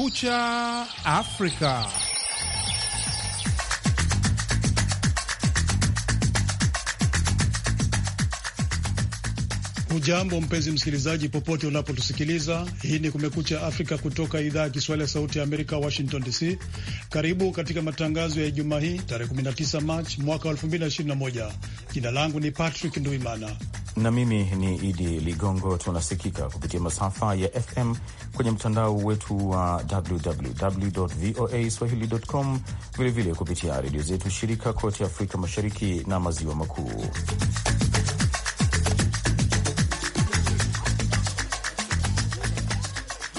Kumekucha Afrika. Hujambo mpenzi msikilizaji, popote unapotusikiliza. Hii ni Kumekucha Afrika kutoka idhaa ya Kiswahili ya Sauti ya Amerika, Washington DC. Karibu katika matangazo ya Ijumaa hii tarehe 19 Machi mwaka 2021. Jina langu ni Patrick Nduimana na mimi ni Idi Ligongo. Tunasikika kupitia masafa ya FM kwenye mtandao wetu wa www voa vilevile kupitia redio zetu shirika kote Afrika Mashariki na Maziwa Makuu.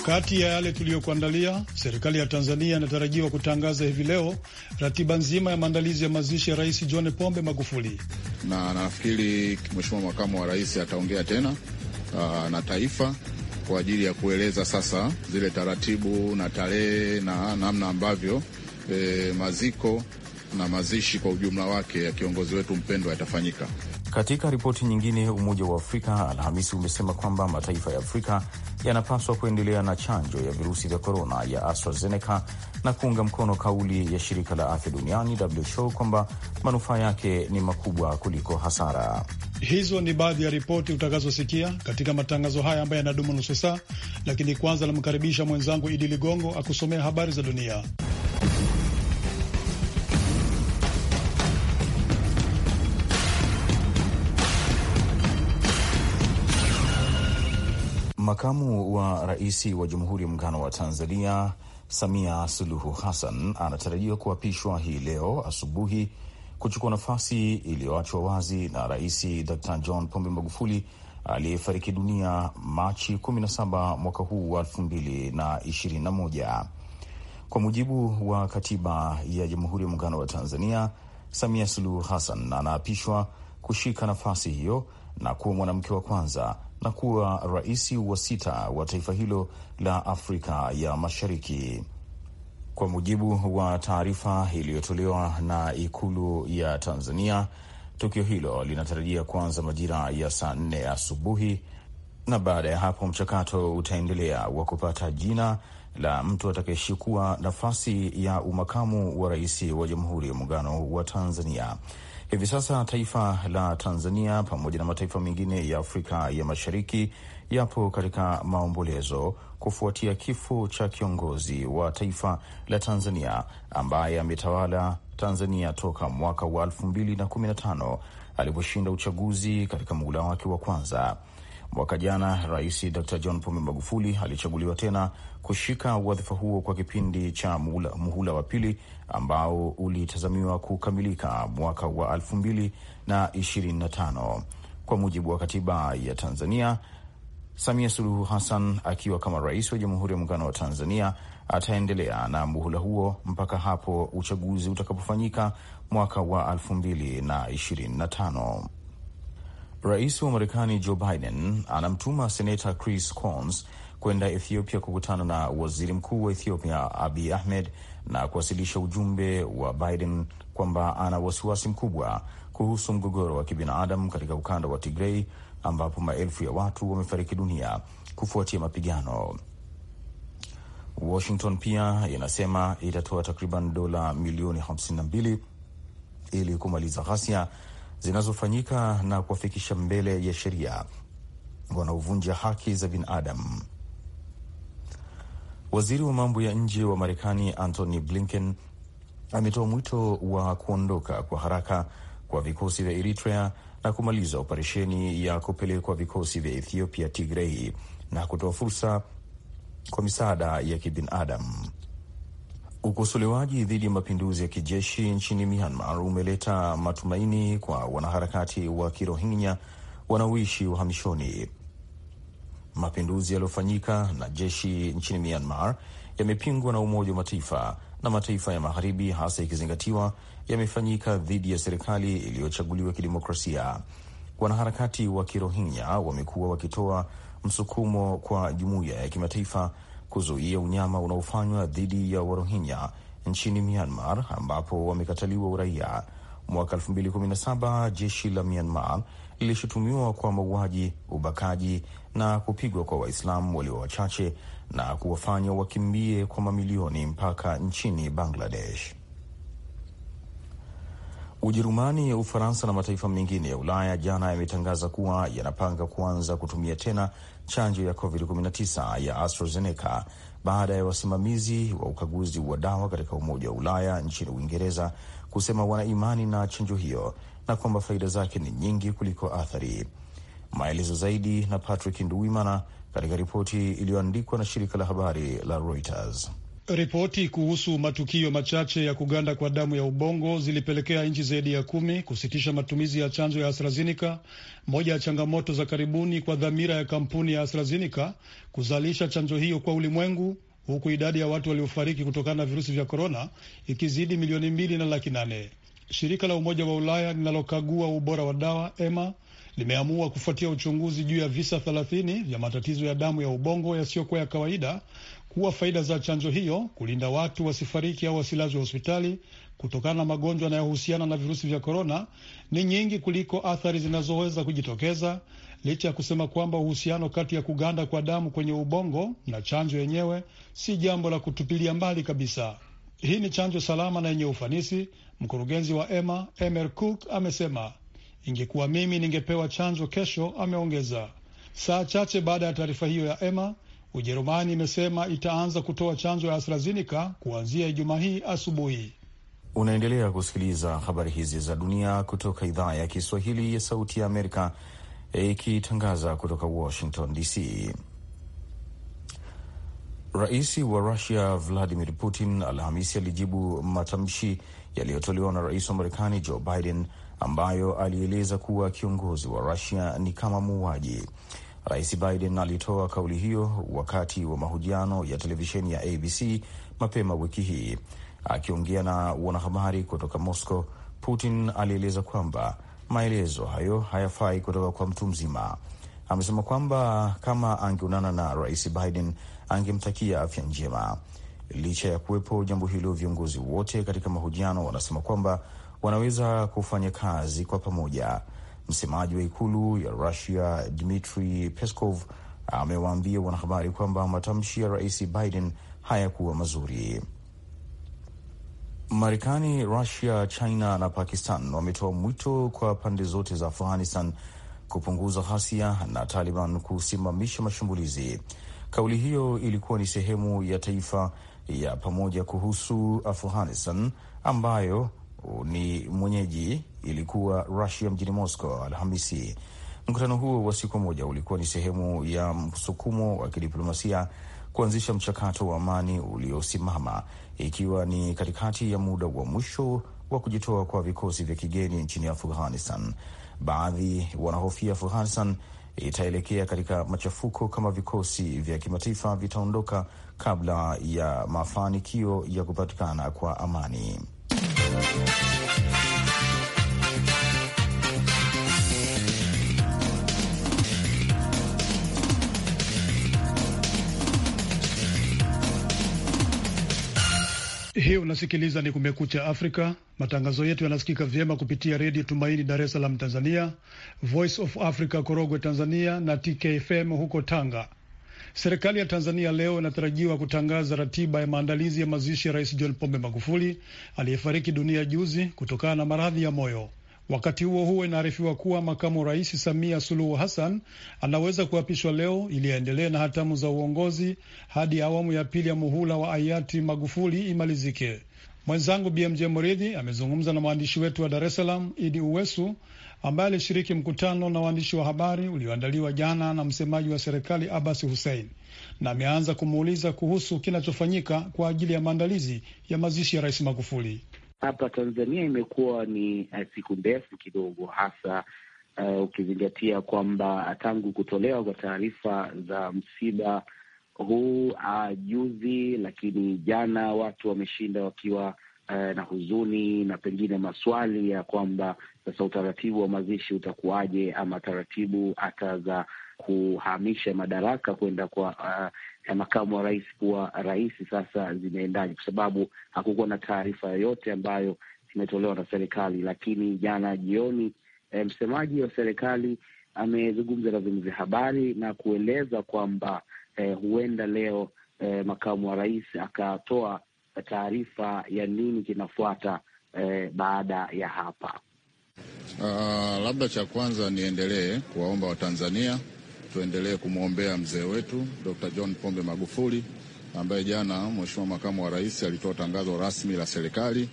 Kati ya yale tuliyokuandalia, serikali ya Tanzania inatarajiwa kutangaza hivi leo ratiba nzima ya maandalizi ya mazishi ya Rais John Pombe Magufuli, na nafikiri Mheshimiwa makamu wa rais ataongea tena aa, ah, na taifa kwa ajili ya kueleza sasa zile taratibu na tarehe na namna ambavyo e, maziko na mazishi kwa ujumla wake ya kiongozi wetu mpendwa yatafanyika. Katika ripoti nyingine, Umoja wa Afrika Alhamisi umesema kwamba mataifa ya Afrika yanapaswa kuendelea na chanjo ya virusi vya korona ya AstraZeneca na kuunga mkono kauli ya shirika la afya duniani WHO kwamba manufaa yake ni makubwa kuliko hasara. Hizo ni baadhi ya ripoti utakazosikia katika matangazo haya ambayo yanadumu nusu saa, lakini kwanza namkaribisha mwenzangu Idi Ligongo akusomea habari za dunia. Makamu wa rais wa Jamhuri ya Muungano wa Tanzania Samia Suluhu Hassan anatarajiwa kuapishwa hii leo asubuhi kuchukua nafasi iliyoachwa wazi na Rais Dr John Pombe Magufuli aliyefariki dunia Machi 17 mwaka huu wa 2021. Kwa mujibu wa katiba ya Jamhuri ya Muungano wa Tanzania, Samia Suluhu Hassan anaapishwa kushika nafasi hiyo na kuwa mwanamke wa kwanza na kuwa rais wa sita wa taifa hilo la Afrika ya Mashariki. Kwa mujibu wa taarifa iliyotolewa na Ikulu ya Tanzania, tukio hilo linatarajia kuanza majira ya saa nne asubuhi, na baada ya hapo mchakato utaendelea wa kupata jina la mtu atakayeshikua nafasi ya umakamu wa rais wa Jamhuri ya Muungano wa Tanzania. Hivi sasa taifa la Tanzania pamoja na mataifa mengine ya Afrika ya Mashariki yapo katika maombolezo kufuatia kifo cha kiongozi wa taifa la Tanzania ambaye ametawala Tanzania toka mwaka wa 215 aliposhinda uchaguzi katika muhula wake wa kwanza. Mwaka jana Rais Dr John Pombe Magufuli alichaguliwa tena kushika wadhifa huo kwa kipindi cha muhula wa pili ambao ulitazamiwa kukamilika mwaka wa elfu mbili na ishirini na tano kwa mujibu wa katiba ya Tanzania. Samia Suluhu Hassan akiwa kama rais wa Jamhuri ya Muungano wa Tanzania ataendelea na muhula huo mpaka hapo uchaguzi utakapofanyika mwaka wa elfu mbili na ishirini na tano. Rais wa Marekani Joe Biden anamtuma seneta Chris Coons kwenda Ethiopia kukutana na waziri mkuu wa Ethiopia abi Ahmed na kuwasilisha ujumbe wa Biden kwamba ana wasiwasi mkubwa kuhusu mgogoro wa kibinadamu katika ukanda wa Tigrei ambapo maelfu ya watu wamefariki dunia kufuatia mapigano. Washington pia inasema itatoa takriban dola milioni 52 ili kumaliza ghasia zinazofanyika na kuwafikisha mbele ya sheria wanaovunja haki za binadamu. Waziri wa mambo ya nje wa Marekani Antony Blinken ametoa mwito wa kuondoka kwa haraka kwa vikosi vya Eritrea na kumaliza operesheni ya kupelekwa vikosi vya Ethiopia Tigrei na kutoa fursa kwa misaada ya kibinadamu. Ukosolewaji dhidi ya mapinduzi ya kijeshi nchini Myanmar umeleta matumaini kwa wanaharakati wa Kirohingya wanaoishi uhamishoni. Mapinduzi yaliyofanyika na jeshi nchini Myanmar yamepingwa na Umoja wa Mataifa na mataifa ya Magharibi, hasa ikizingatiwa yamefanyika dhidi ya serikali iliyochaguliwa kidemokrasia. Wanaharakati wa Kirohingya wamekuwa wakitoa msukumo kwa jumuiya ya kimataifa kuzuia unyama unaofanywa dhidi ya Warohingya nchini Myanmar, ambapo wamekataliwa uraia. Mwaka 2017 jeshi la Myanmar lilishutumiwa kwa mauaji, ubakaji na kupigwa kwa Waislamu walio wachache na kuwafanya wakimbie kwa mamilioni mpaka nchini Bangladesh. Ujerumani Ufaransa na mataifa mengine ya Ulaya jana yametangaza kuwa yanapanga kuanza kutumia tena chanjo ya COVID-19 ya AstraZeneca baada ya wasimamizi wa ukaguzi wa dawa katika Umoja wa Ulaya nchini Uingereza kusema wana imani na chanjo hiyo na kwamba faida zake ni nyingi kuliko athari. Maelezo zaidi na Patrick Nduwimana katika ripoti iliyoandikwa na shirika la habari la Reuters. Ripoti kuhusu matukio machache ya kuganda kwa damu ya ubongo zilipelekea nchi zaidi ya kumi kusitisha matumizi ya chanjo ya AstraZeneca, moja ya changamoto za karibuni kwa dhamira ya kampuni ya AstraZeneca kuzalisha chanjo hiyo kwa ulimwengu, huku idadi ya watu waliofariki kutokana na virusi vya korona ikizidi milioni mbili na laki nane. Shirika la Umoja wa Ulaya linalokagua ubora wa dawa EMA limeamua kufuatia uchunguzi juu ya visa 30 vya matatizo ya damu ya ubongo yasiyokuwa ya kawaida kuwa faida za chanjo hiyo kulinda watu wasifariki au wasilazwe hospitali kutokana na magonjwa yanayohusiana na virusi vya korona ni nyingi kuliko athari zinazoweza kujitokeza, licha ya kusema kwamba uhusiano kati ya kuganda kwa damu kwenye ubongo na chanjo yenyewe si jambo la kutupilia mbali kabisa. Hii ni chanjo salama na yenye ufanisi Mkurugenzi wa EMA Emer Cook amesema, ingekuwa mimi ningepewa chanjo kesho, ameongeza. Saa chache baada ya taarifa hiyo ya EMA, Ujerumani imesema itaanza kutoa chanjo ya AstraZeneca kuanzia Ijumaa hii asubuhi. Unaendelea kusikiliza habari hizi za dunia kutoka idhaa ya Kiswahili ya Sauti ya Amerika ikitangaza kutoka Washington DC. Rais wa Rusia Vladimir Putin Alhamisi alijibu matamshi yaliyotolewa na rais wa Marekani Joe Biden, ambayo alieleza kuwa kiongozi wa Rusia ni kama muuaji. Rais Biden alitoa kauli hiyo wakati wa mahojiano ya televisheni ya ABC mapema wiki hii. Akiongea na wanahabari kutoka Moscow, Putin alieleza kwamba maelezo hayo hayafai kutoka kwa mtu mzima. Amesema kwamba kama angeonana na rais Biden angemtakia afya njema. Licha ya kuwepo jambo hilo, viongozi wote katika mahojiano wanasema kwamba wanaweza kufanya kazi kwa pamoja. Msemaji wa ikulu ya Rusia Dmitri Peskov amewaambia wanahabari kwamba matamshi ya rais Biden hayakuwa mazuri. Marekani, Rusia, China na Pakistan wametoa mwito kwa pande zote za Afghanistan kupunguza ghasia na Taliban kusimamisha mashambulizi. Kauli hiyo ilikuwa ni sehemu ya taifa ya pamoja kuhusu Afghanistan ambayo ni mwenyeji ilikuwa Rusia mjini Moscow Alhamisi. Mkutano huo wa siku moja ulikuwa ni sehemu ya msukumo wa kidiplomasia kuanzisha mchakato wa amani uliosimama, ikiwa ni katikati ya muda wa mwisho wa kujitoa kwa vikosi vya kigeni nchini Afghanistan. Baadhi wanahofia Afghanistan itaelekea katika machafuko kama vikosi vya kimataifa vitaondoka kabla ya mafanikio ya kupatikana kwa amani. Hii unasikiliza ni Kumekucha Afrika. Matangazo yetu yanasikika vyema kupitia Redio Tumaini Dar es Salaam Tanzania, Voice of Africa Korogwe Tanzania na TKFM huko Tanga. Serikali ya Tanzania leo inatarajiwa kutangaza ratiba ya maandalizi ya mazishi ya Rais John Pombe Magufuli aliyefariki dunia juzi kutokana na maradhi ya moyo. Wakati huo huo, inaarifiwa kuwa makamu rais Samia Suluhu Hassan anaweza kuapishwa leo ili aendelee na hatamu za uongozi hadi awamu ya pili ya muhula wa hayati Magufuli imalizike. Mwenzangu BMJ Muridhi amezungumza na mwandishi wetu wa Dar es Salaam Idi Uwesu ambaye alishiriki mkutano na waandishi wa habari ulioandaliwa jana na msemaji wa serikali Abbas Hussein, na ameanza kumuuliza kuhusu kinachofanyika kwa ajili ya maandalizi ya mazishi ya Rais Magufuli hapa Tanzania imekuwa ni uh, siku ndefu kidogo, hasa uh, ukizingatia kwamba tangu kutolewa kwa taarifa za msiba huu uh, juzi, lakini jana watu wameshinda wakiwa uh, na huzuni na pengine maswali ya kwamba sasa utaratibu wa mazishi utakuwaje, ama taratibu hata za kuhamisha madaraka kwenda kwa uh, makamu wa rais kuwa rais sasa zimeendaje, kwa sababu hakukuwa na taarifa yoyote ambayo zimetolewa na serikali. Lakini jana jioni eh, msemaji wa serikali amezungumza na vyombo vya habari na kueleza kwamba eh, huenda leo eh, makamu wa rais akatoa taarifa ya nini kinafuata eh, baada ya hapa. Uh, labda cha kwanza niendelee kuwaomba Watanzania tuendelee kumwombea mzee wetu Dr. John Pombe Magufuli ambaye jana Mheshimiwa Makamu wa Rais alitoa tangazo rasmi la serikali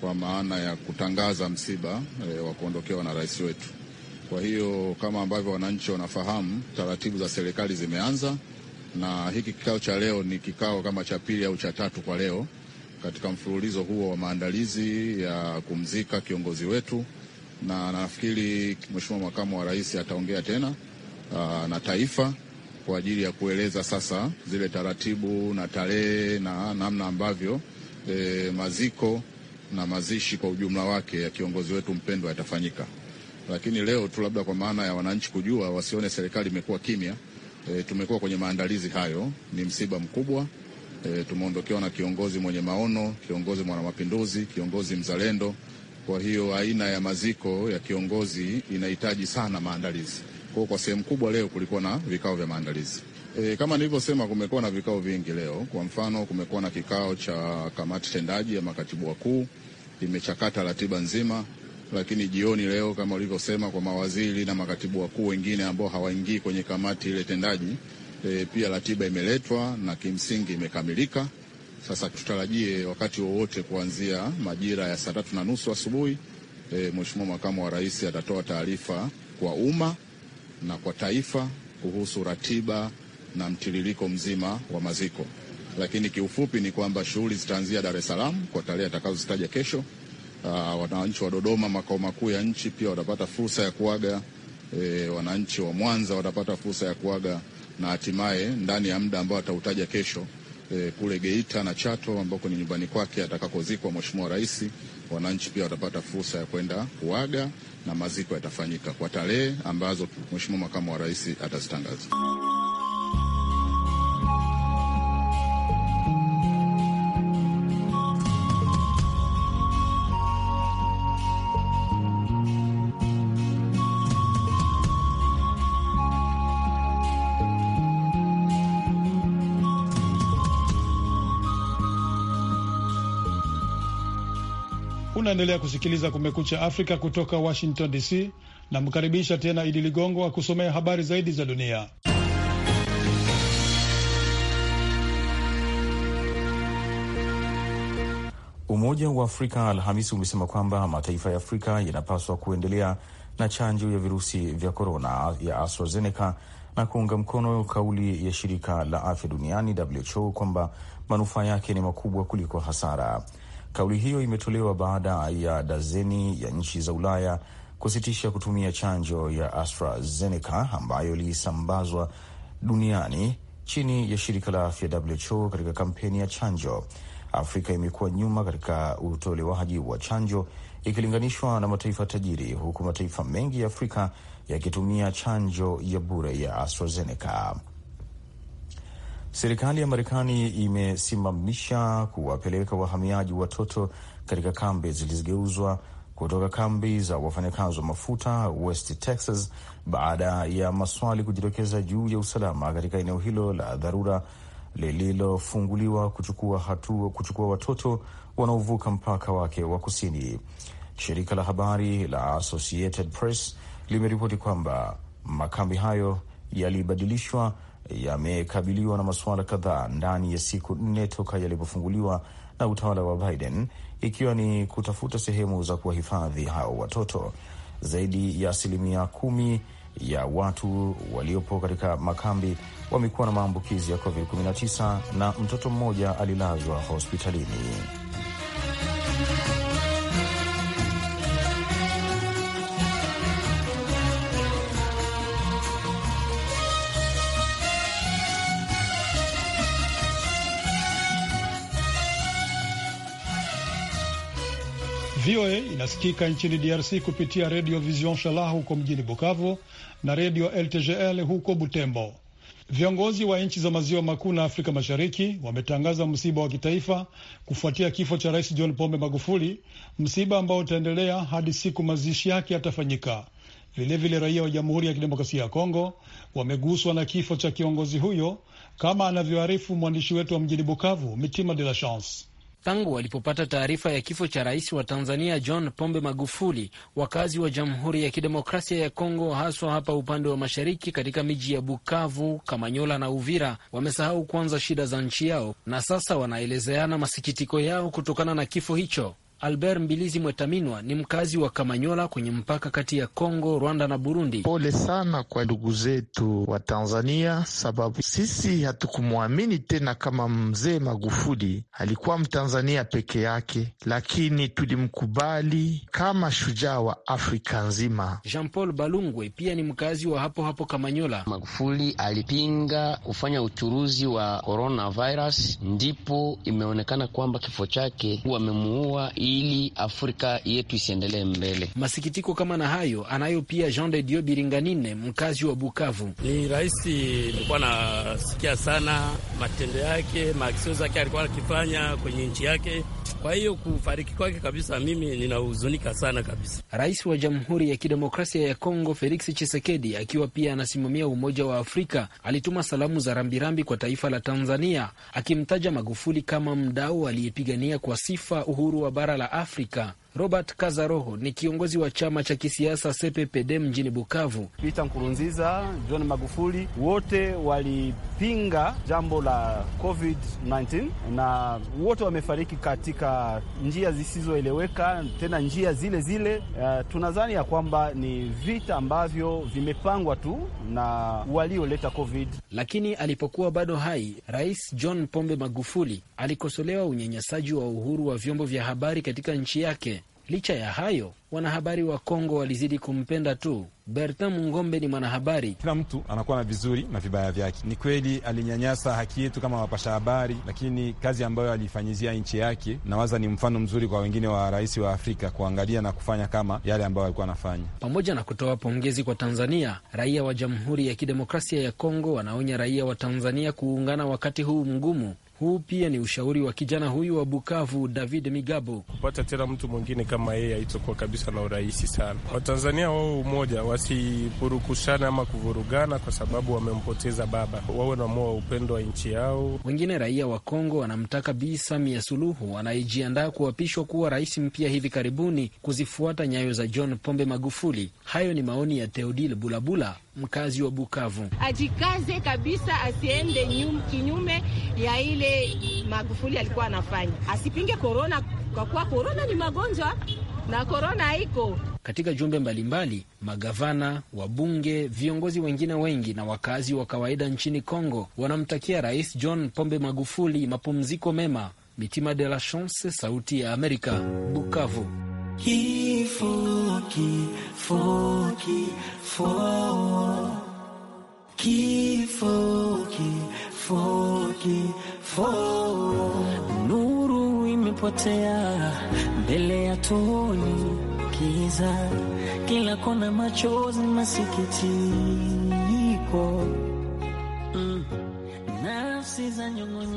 kwa maana ya kutangaza msiba e, wa kuondokewa na rais wetu. Kwa hiyo kama ambavyo wananchi wanafahamu, taratibu za serikali zimeanza, na hiki kikao cha leo ni kikao kama cha pili au cha tatu kwa leo katika mfululizo huo wa maandalizi ya kumzika kiongozi wetu, na nafikiri Mheshimiwa Makamu wa Rais ataongea tena uh, na taifa kwa ajili ya kueleza sasa zile taratibu na tarehe na namna ambavyo e, maziko na mazishi kwa ujumla wake ya kiongozi wetu mpendwa yatafanyika. Lakini leo tu labda kwa maana ya wananchi kujua, wasione serikali imekuwa kimya. E, tumekuwa kwenye maandalizi hayo. Ni msiba mkubwa e, tumeondokewa na kiongozi mwenye maono, kiongozi mwana mapinduzi kiongozi mzalendo. Kwa hiyo aina ya maziko ya kiongozi inahitaji sana maandalizi. Kwa kwa sehemu kubwa leo kulikuwa na vikao vya maandalizi. E, kama nilivyosema kumekuwa na vikao vingi leo. Kwa mfano, kumekuwa na kikao cha kamati tendaji ya makatibu wakuu, imechakata ratiba nzima, lakini jioni leo kama ulivyosema, kwa mawaziri na makatibu wakuu wengine ambao hawaingii kwenye kamati ile tendaji e, pia ratiba imeletwa na kimsingi imekamilika. Sasa tutarajie wakati wowote kuanzia majira ya saa tatu na nusu asubuhi e, Mheshimiwa Makamu wa Rais atatoa taarifa kwa umma na kwa taifa kuhusu ratiba na mtiririko mzima wa maziko, lakini kiufupi ni kwamba shughuli zitaanzia Dar es Salaam kwa tarehe atakazozitaja kesho. Uh, wananchi wa Dodoma, makao makuu ya nchi, pia watapata fursa ya kuaga e, wananchi wa Mwanza watapata fursa ya kuaga na hatimaye ndani ya muda ambao atautaja kesho e, kule Geita na Chato ambako ni nyumbani kwake atakakozikwa Mheshimiwa Rais wananchi pia watapata fursa ya kwenda kuaga na maziko yatafanyika kwa tarehe ambazo Mheshimiwa Makamu wa Rais atazitangaza. Unaendelea kusikiliza Kumekucha Afrika kutoka Washington DC. Namkaribisha tena Idi Ligongo akusomea habari zaidi za dunia. Umoja wa Afrika Alhamisi umesema kwamba mataifa ya Afrika yanapaswa kuendelea na chanjo ya virusi vya korona ya AstraZeneca na kuunga mkono kauli ya shirika la afya duniani WHO kwamba manufaa yake ni makubwa kuliko hasara. Kauli hiyo imetolewa baada ya dazeni ya nchi za Ulaya kusitisha kutumia chanjo ya AstraZeneca ambayo ilisambazwa duniani chini ya shirika la afya WHO katika kampeni ya chanjo. Afrika imekuwa nyuma katika utolewaji wa chanjo ikilinganishwa na mataifa tajiri, huku mataifa mengi ya Afrika yakitumia chanjo ya bure ya AstraZeneca. Serikali ya Marekani imesimamisha kuwapeleka wahamiaji watoto katika kambi zilizogeuzwa kutoka kambi za wafanyakazi wa mafuta West Texas baada ya maswali kujitokeza juu ya usalama katika eneo hilo la dharura lililofunguliwa kuchukua hatua kuchukua watoto wanaovuka mpaka wake wa kusini. Shirika la habari la Associated Press limeripoti kwamba makambi hayo yalibadilishwa yamekabiliwa na masuala kadhaa ndani ya siku nne toka yalipofunguliwa na utawala wa Biden, ikiwa ni kutafuta sehemu za kuwahifadhi hao watoto. Zaidi ya asilimia kumi ya watu waliopo katika makambi wamekuwa na maambukizi ya COVID-19 na mtoto mmoja alilazwa hospitalini. VOA inasikika nchini DRC kupitia redio Vision Shala huko mjini Bukavu na redio LTGL huko Butembo. Viongozi wa nchi za maziwa makuu na Afrika Mashariki wametangaza msiba wa kitaifa kufuatia kifo cha Rais John Pombe Magufuli, msiba ambao utaendelea hadi siku mazishi yake yatafanyika. Vilevile raia wa Jamhuri ya Kidemokrasia ya Kongo wameguswa na kifo cha kiongozi huyo, kama anavyoarifu mwandishi wetu wa mjini Bukavu, Mitima De La Chance. Tangu walipopata taarifa ya kifo cha rais wa Tanzania John Pombe Magufuli, wakazi wa Jamhuri ya Kidemokrasia ya Kongo, haswa hapa upande wa mashariki katika miji ya Bukavu, Kamanyola na Uvira, wamesahau kwanza shida za nchi yao na sasa wanaelezeana masikitiko yao kutokana na kifo hicho. Albert Mbilizi Mwetaminwa ni mkazi wa Kamanyola kwenye mpaka kati ya Kongo, Rwanda na Burundi. Pole sana kwa ndugu zetu wa Tanzania, sababu sisi hatukumwamini tena kama mzee Magufuli alikuwa Mtanzania peke yake, lakini tulimkubali kama shujaa wa Afrika nzima. Jean Paul Balungwe pia ni mkazi wa hapo hapo Kamanyola. Magufuli alipinga kufanya uchuruzi wa coronavirus, ndipo imeonekana kwamba kifo chake wamemuua ili Afrika yetu isiendelee mbele. Masikitiko kama na hayo anayo pia Jean de Dieu Biringanine, mkazi wa Bukavu. Ni rais nilikuwa nasikia sana matendo yake, maaksio zake alikuwa akifanya kwenye nchi yake. Kwa hiyo kufariki kwake kabisa, mimi ninahuzunika sana kabisa. Rais wa Jamhuri ya Kidemokrasia ya Kongo Felix Tshisekedi, akiwa pia anasimamia Umoja wa Afrika, alituma salamu za rambirambi kwa taifa la Tanzania, akimtaja Magufuli kama mdau aliyepigania kwa sifa uhuru wa bara la África Robert Kazaroho ni kiongozi wa chama cha kisiasa CPPD mjini Bukavu. Peter Nkurunziza, John Magufuli wote walipinga jambo la COVID-19 na wote wamefariki katika njia zisizoeleweka, tena njia zile zile. Uh, tunadhani ya kwamba ni vita ambavyo vimepangwa tu na walioleta COVID. Lakini alipokuwa bado hai, Rais John Pombe Magufuli alikosolewa unyanyasaji wa uhuru wa vyombo vya habari katika nchi yake. Licha ya hayo, wanahabari wa Kongo walizidi kumpenda tu. Bertin Mungombe ni mwanahabari. Kila mtu anakuwa na vizuri na vibaya vyake. Ni kweli alinyanyasa haki yetu kama wapasha habari, lakini kazi ambayo alifanyizia nchi yake nawaza ni mfano mzuri kwa wengine wa rais wa Afrika kuangalia na kufanya kama yale ambayo alikuwa anafanya. Pamoja na kutoa pongezi kwa Tanzania, raia wa Jamhuri ya Kidemokrasia ya Kongo wanaonya raia wa Tanzania kuungana wakati huu mgumu huu pia ni ushauri wa kijana huyu wa Bukavu, David Migabo. Kupata tena mtu mwingine kama yeye aitokuwa kabisa na urahisi sana. Watanzania wao umoja, wasipurukushana ama kuvurugana kwa sababu wamempoteza baba, wawe na moyo wa upendo wa nchi yao. Wengine raia wa Kongo wanamtaka Bi Samia Suluhu anayejiandaa kuapishwa kuwa rais mpya hivi karibuni kuzifuata nyayo za John Pombe Magufuli. Hayo ni maoni ya Theodil Bulabula mkazi wa Bukavu. Ajikaze kabisa, asiende nyum, kinyume ya ile Magufuli alikuwa anafanya, asipinge korona kwa kuwa korona ni magonjwa na korona haiko katika jumbe mbalimbali. Magavana, wabunge, viongozi wengine wengi na wakazi wa kawaida nchini Kongo wanamtakia Rais John Pombe Magufuli mapumziko mema. Mitima de la Chance, Sauti ya Amerika, Bukavu. Nuru imepotea mbele ya tuoni, kiza kila kona, machozi, masikitiko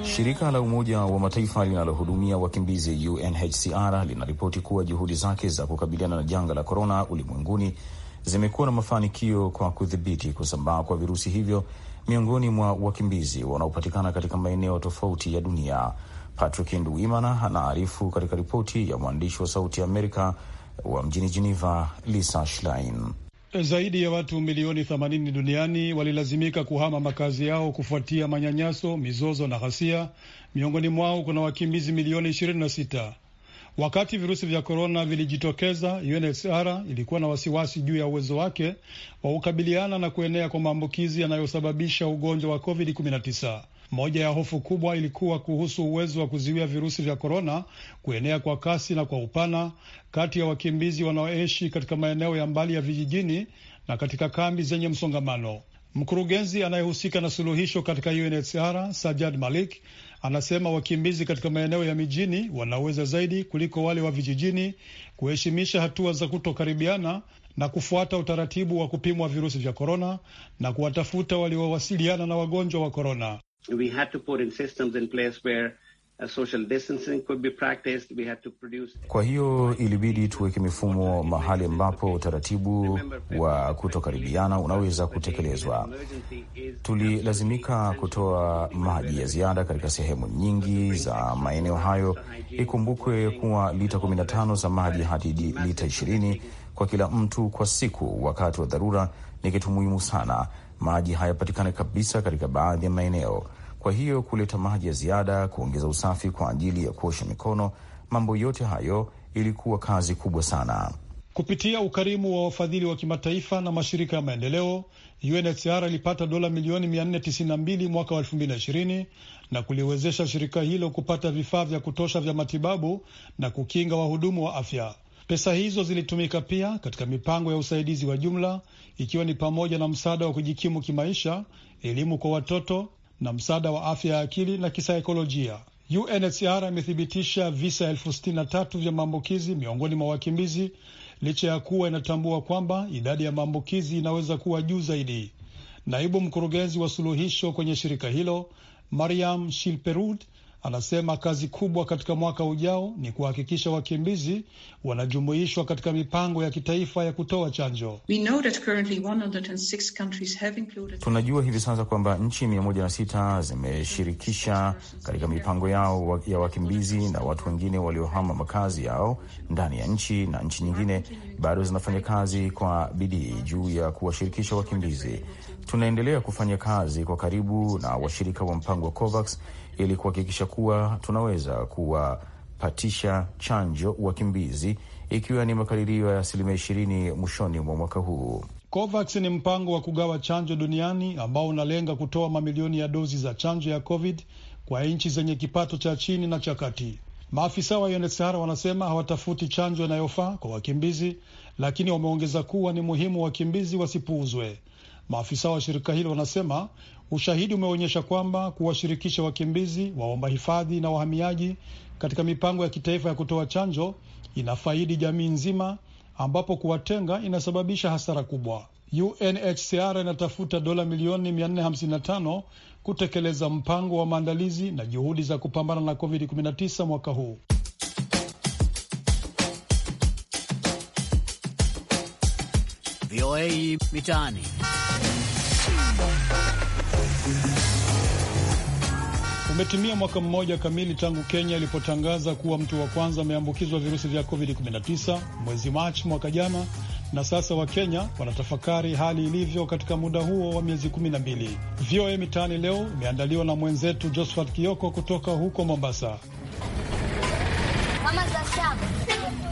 Shirika la Umoja wa Mataifa linalohudumia wakimbizi UNHCR linaripoti kuwa juhudi zake za kukabiliana na janga la korona ulimwenguni zimekuwa na mafanikio kwa kudhibiti kusambaa kwa virusi hivyo miongoni mwa wakimbizi wanaopatikana katika maeneo tofauti ya dunia. Patrick Nduwimana anaarifu katika ripoti ya mwandishi wa Sauti ya Amerika wa mjini Geneva, Lisa Schlein. Zaidi ya watu milioni 80 duniani walilazimika kuhama makazi yao kufuatia manyanyaso, mizozo na ghasia. Miongoni mwao kuna wakimbizi milioni 26. Wakati virusi vya korona vilijitokeza, UNHCR ilikuwa na wasiwasi juu ya uwezo wake wa kukabiliana na kuenea kwa maambukizi yanayosababisha ugonjwa wa COVID-19. Moja ya hofu kubwa ilikuwa kuhusu uwezo wa kuzuia virusi vya korona kuenea kwa kasi na kwa upana kati ya wakimbizi wanaoishi katika maeneo ya mbali ya vijijini na katika kambi zenye msongamano. Mkurugenzi anayehusika na suluhisho katika UNHCR Sajad Malik anasema wakimbizi katika maeneo ya mijini wanaweza zaidi kuliko wale wa vijijini kuheshimisha hatua za kutokaribiana na kufuata utaratibu wa kupimwa virusi vya korona na kuwatafuta waliowasiliana na wagonjwa wa korona we had to put in systems in place where A uh, social distancing could be practiced. We had to produce... Kwa hiyo ilibidi tuweke mifumo mahali ambapo utaratibu wa kutokaribiana unaweza kutekelezwa. Tulilazimika kutoa maji ya ziada katika sehemu nyingi za maeneo hayo. Ikumbukwe kuwa lita 15 za maji hadi lita 20 kwa kila mtu kwa siku wakati wa dharura ni kitu muhimu sana maji hayapatikani kabisa katika baadhi ya maeneo. Kwa hiyo kuleta maji ya ziada, kuongeza usafi kwa ajili ya kuosha mikono, mambo yote hayo ilikuwa kazi kubwa sana. Kupitia ukarimu wa wafadhili wa kimataifa na mashirika ya maendeleo, UNHCR ilipata dola milioni 492 mwaka wa 2020 na kuliwezesha shirika hilo kupata vifaa vya kutosha vya matibabu na kukinga wahudumu wa afya. Pesa hizo zilitumika pia katika mipango ya usaidizi wa jumla ikiwa ni pamoja na msaada wa kujikimu kimaisha, elimu kwa watoto na msaada wa afya ya akili na kisaikolojia. UNHCR imethibitisha visa elfu sitini na tatu vya maambukizi miongoni mwa wakimbizi licha ya kuwa inatambua kwamba idadi ya maambukizi inaweza kuwa juu zaidi. Naibu mkurugenzi wa suluhisho kwenye shirika hilo Mariam Shilperud anasema kazi kubwa katika mwaka ujao ni kuhakikisha wakimbizi wanajumuishwa katika mipango ya kitaifa ya kutoa chanjo. Included... tunajua hivi sasa kwamba nchi mia moja na sita zimeshirikisha katika mipango yao ya wakimbizi na watu wengine waliohama makazi yao ndani ya nchi, na nchi nyingine bado zinafanya kazi kwa bidii juu ya kuwashirikisha wakimbizi Tunaendelea kufanya kazi kwa karibu na washirika wa mpango wa COVAX ili kuhakikisha kuwa tunaweza kuwapatisha chanjo wakimbizi, ikiwa ni makadirio ya asilimia ishirini mwishoni mwa mwaka huu. COVAX ni mpango wa kugawa chanjo duniani ambao unalenga kutoa mamilioni ya dozi za chanjo ya COVID kwa nchi zenye kipato cha chini na cha kati. Maafisa wa UNHCR wanasema hawatafuti chanjo inayofaa kwa wakimbizi, lakini wameongeza kuwa ni muhimu wakimbizi wasipuuzwe. Maafisa wa shirika hilo wanasema ushahidi umeonyesha kwamba kuwashirikisha wakimbizi, waomba hifadhi na wahamiaji katika mipango ya kitaifa ya kutoa chanjo inafaidi jamii nzima, ambapo kuwatenga inasababisha hasara kubwa. UNHCR inatafuta dola milioni 455 kutekeleza mpango wa maandalizi na juhudi za kupambana na COVID-19 mwaka huu. VOA Mitaani. Umetimia mwaka mmoja kamili tangu Kenya ilipotangaza kuwa mtu wa kwanza ameambukizwa virusi vya COVID-19 mwezi Machi mwaka jana, na sasa Wakenya wanatafakari hali ilivyo katika muda huo wa miezi 12. VOA Mitaani leo imeandaliwa na mwenzetu Josephat Kioko kutoka huko Mombasa. Mama za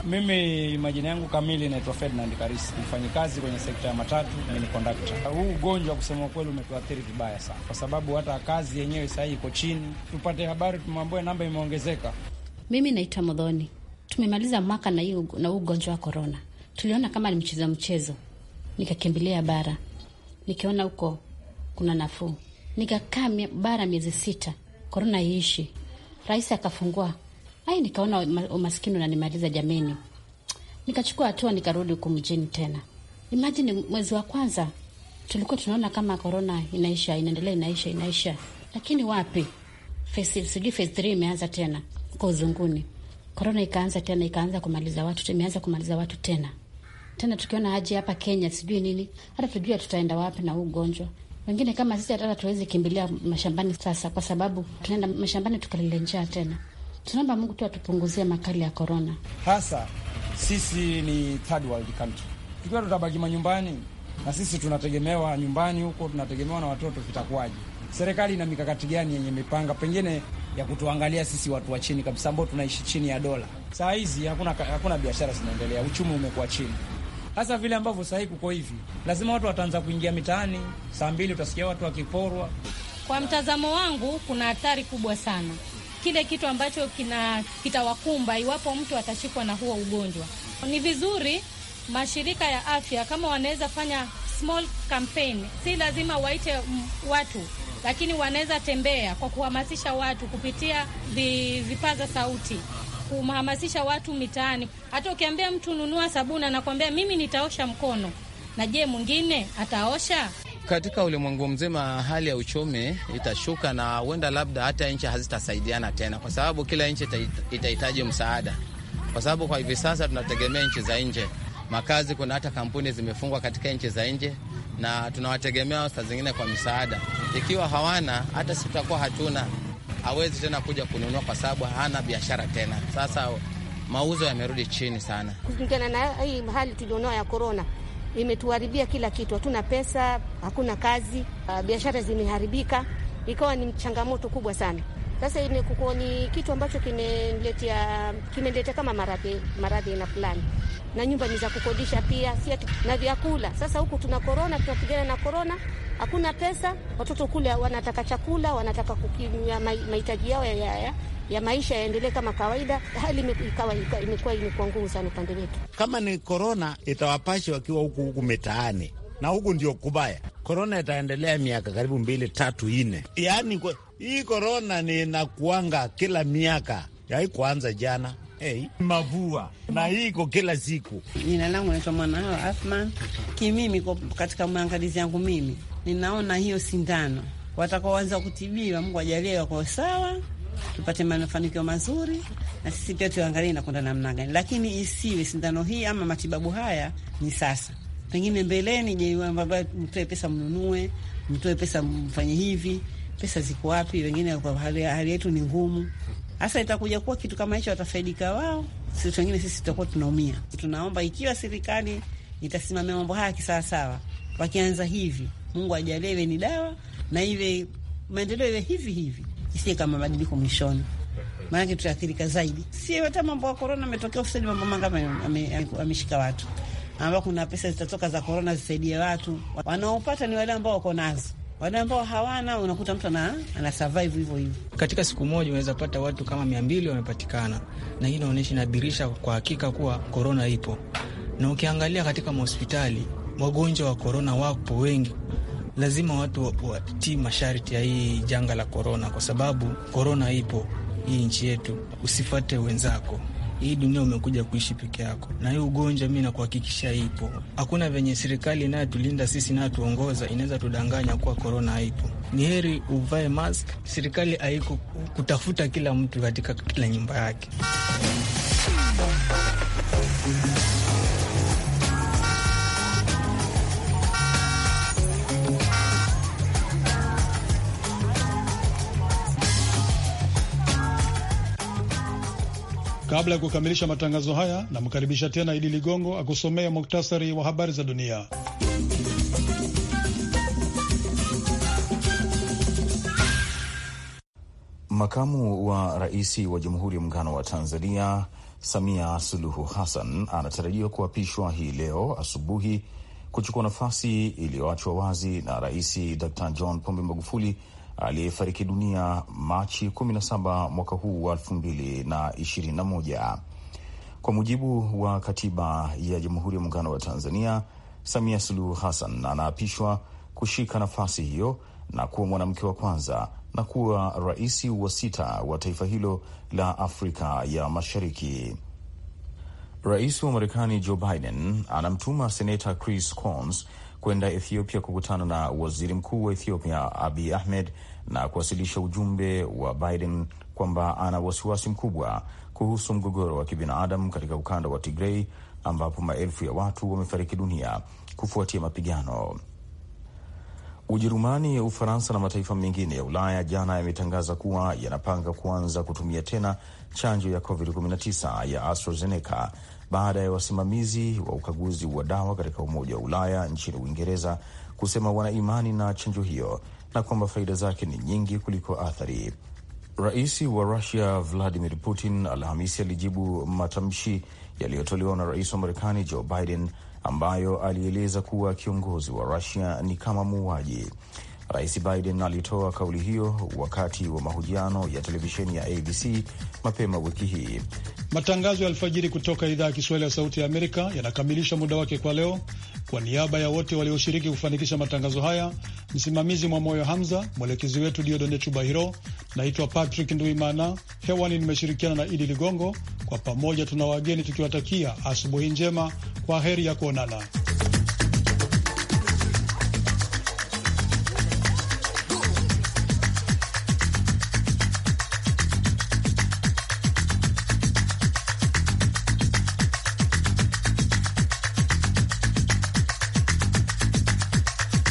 mimi majina yangu kamili naitwa Ferdinand Karisi, mfanyikazi kwenye sekta ya matatu, mimi ni kondakta. Huu ugonjwa kusema kweli umetuathiri vibaya sana, kwa sababu hata kazi yenyewe sahii iko chini. Tupate habari tumwambie namba imeongezeka. Mimi naitwa Modhoni. Tumemaliza mwaka na huu na ugonjwa wa korona, tuliona kama ni mchezo mchezo, nikakimbilia bara, nikiona huko kuna nafuu, nikakaa bara miezi sita, korona iishi. Rais akafungua ai, nikaona umaskini unanimaliza jameni, nikachukua hatua, nikarudi huku mjini tena. Imajini, mwezi wa kwanza tulikuwa tunaona kama korona inaisha, inaendelea, inaisha, inaisha, lakini wapi, sijui phase three imeanza tena kwa uzunguni, korona ikaanza tena, ikaanza kumaliza watu, imeanza kumaliza watu tena tena, tukiona haji hapa Kenya sijui nini, hata tujua tutaenda wapi na huu ugonjwa wengine kama sisi hata tuwezi kimbilia mashambani sasa, kwa sababu tunaenda mashambani tukalile njaa tena. Tunaomba Mungu tu atupunguzie makali ya korona. Hasa sisi ni third world country, tukiwa tutabaki manyumbani na sisi tunategemewa nyumbani huko, tunategemewa na watoto, vitakuwaje? Serikali ina mikakati gani yenye mipanga pengine ya kutuangalia sisi watu wa chini kabisa ambao tunaishi chini ya dola? Saa hizi hakuna, hakuna biashara zinaendelea, uchumi umekuwa chini hasa vile ambavyo sahii kuko hivi, lazima watu wataanza kuingia mitaani. Saa mbili utasikia watu wakiporwa. Kwa mtazamo wangu, kuna hatari kubwa sana kile kitu ambacho kina kitawakumba iwapo mtu atashikwa na huo ugonjwa. Ni vizuri mashirika ya afya kama wanaweza fanya small campaign, si lazima waite mm, watu, lakini wanaweza tembea kwa kuhamasisha watu kupitia vipaza sauti, kuhamasisha watu mitaani. Hata ukiambia mtu nunua sabuni, anakwambia mimi nitaosha mkono, na je, mwingine ataosha? katika ulimwengu mzima hali ya uchumi itashuka na huenda labda hata nchi hazitasaidiana tena, kwa sababu kila nchi itahitaji msaada, kwa sababu kwa hivi sasa tunategemea nchi za nje makazi. Kuna hata kampuni zimefungwa katika nchi za nje, na tunawategemea saa zingine kwa msaada. Ikiwa hawana hata si tutakuwa hatuna, hawezi tena kuja kununua kwa sababu hana biashara tena. Sasa mauzo yamerudi chini sana, kulingana na hii hali tulionao ya korona imetuharibia kila kitu. Hatuna pesa, hakuna kazi, uh, biashara zimeharibika, ikawa ni changamoto kubwa sana. Sasa imekuwa ni kitu ambacho kimeniletea kimeniletea kama maradhi maradhi na fulani, na nyumba ni za kukodisha pia, si na vyakula. Sasa huku tuna korona, tunapigana na korona, hakuna pesa. Watoto kule wanataka chakula, wanataka kukinywa mahitaji yao ya, ya, ya ya maisha yaendelee kama kawaida. Hali ikawa imekuwa imekuwa ngumu sana upande wetu. Kama ni korona, itawapashi wakiwa huku huku mitaani, na huku ndio kubaya. Korona itaendelea miaka karibu mbili tatu nne, yaani hii korona ni inakuanga kila miaka, yai kuanza jana. Hey, mavua na hii iko kila siku. Jina langu naitwa Mwanao Athman. Kimimi kwa katika maangalizi yangu mimi ninaona hiyo sindano watakaoanza kutibiwa, Mungu ajalie wako sawa, tupate mafanikio mazuri, na sisi pia tuangalie inakwenda namna gani, lakini isiwe sindano hii ama matibabu haya ni sasa, pengine mbeleni. Je, ambayo mtoe pesa mnunue, mtoe pesa mfanye hivi, pesa ziko wapi? Wengine kwa hali yetu ni ngumu, hasa itakuja kuwa kitu kama hicho, watafaidika wao, sisi wengine sisi tutakuwa tunaumia. Tunaomba ikiwa serikali itasimamia mambo haya kisawasawa, wakianza hivi, Mungu ajalie iwe ni dawa na iwe maendeleo iwe hivi hivi isiye kama mabadiliko mwishoni, maanake tutaathirika zaidi. Si hata mambo ya korona ametokea ofisini, mambo mangama ameshika watu ambao kuna pesa zitatoka za korona zisaidie watu. Wanaopata ni wale ambao wako nazo, wale ambao hawana, unakuta mtu ana survive hivyo hivyo. Katika siku moja unaweza pata watu kama mia mbili wamepatikana, na hii inaonyesha, inadhirisha kwa hakika kuwa korona ipo. Na ukiangalia katika mahospitali wagonjwa wa korona wapo wengi lazima watu watii masharti ya hii janga la korona, kwa sababu korona ipo hii nchi yetu. Usifate wenzako, hii dunia umekuja kuishi peke yako, na hii ugonjwa mi nakuhakikisha ipo. Hakuna venye serikali inayotulinda sisi inayotuongoza inaweza tudanganya kuwa korona haipo. Ni heri uvae mask. Serikali haiko kutafuta kila mtu katika kila nyumba yake. Kabla ya kukamilisha matangazo haya, namkaribisha tena Idi Ligongo akusomea muktasari wa habari za dunia. Makamu wa rais wa Jamhuri ya Muungano wa Tanzania Samia Suluhu Hassan anatarajiwa kuapishwa hii leo asubuhi kuchukua nafasi iliyoachwa wazi na Rais Dr John Pombe Magufuli aliyefariki dunia Machi 17 mwaka huu wa 2021. Kwa mujibu wa katiba ya Jamhuri ya Muungano wa Tanzania, Samia Suluhu Hassan anaapishwa kushika nafasi hiyo na kuwa mwanamke wa kwanza na kuwa rais wa sita wa taifa hilo la Afrika ya Mashariki. Rais wa Marekani Joe Biden anamtuma seneta Chris Coons kwenda Ethiopia kukutana na waziri mkuu wa Ethiopia Abiy Ahmed na kuwasilisha ujumbe wa Biden kwamba ana wasiwasi mkubwa kuhusu mgogoro wa kibinadamu katika ukanda wa Tigrei ambapo maelfu ya watu wamefariki dunia kufuatia mapigano. Ujerumani, Ufaransa na mataifa mengine ya Ulaya jana yametangaza kuwa yanapanga kuanza kutumia tena chanjo ya COVID-19 ya AstraZeneca baada ya wasimamizi wa ukaguzi wa dawa katika Umoja wa Ulaya nchini Uingereza kusema wana imani na chanjo hiyo na kwamba faida zake ni nyingi kuliko athari. Rais wa Rusia Vladimir Putin Alhamisi alijibu matamshi yaliyotolewa na rais wa Marekani Joe Biden ambayo alieleza kuwa kiongozi wa Rusia ni kama muuaji. Rais Biden alitoa kauli hiyo wakati wa mahojiano ya televisheni ya ABC mapema wiki hii. Matangazo ya alfajiri kutoka idhaa ya Kiswahili ya Sauti ya Amerika yanakamilisha muda wake kwa leo. Kwa niaba ya wote walioshiriki kufanikisha matangazo haya, msimamizi mwa moyo Hamza, mwelekezi wetu Diodone Chubahiro. Naitwa Patrick Nduimana, hewani nimeshirikiana na Idi Ligongo. Kwa pamoja tuna wageni tukiwatakia asubuhi njema, kwa heri ya kuonana.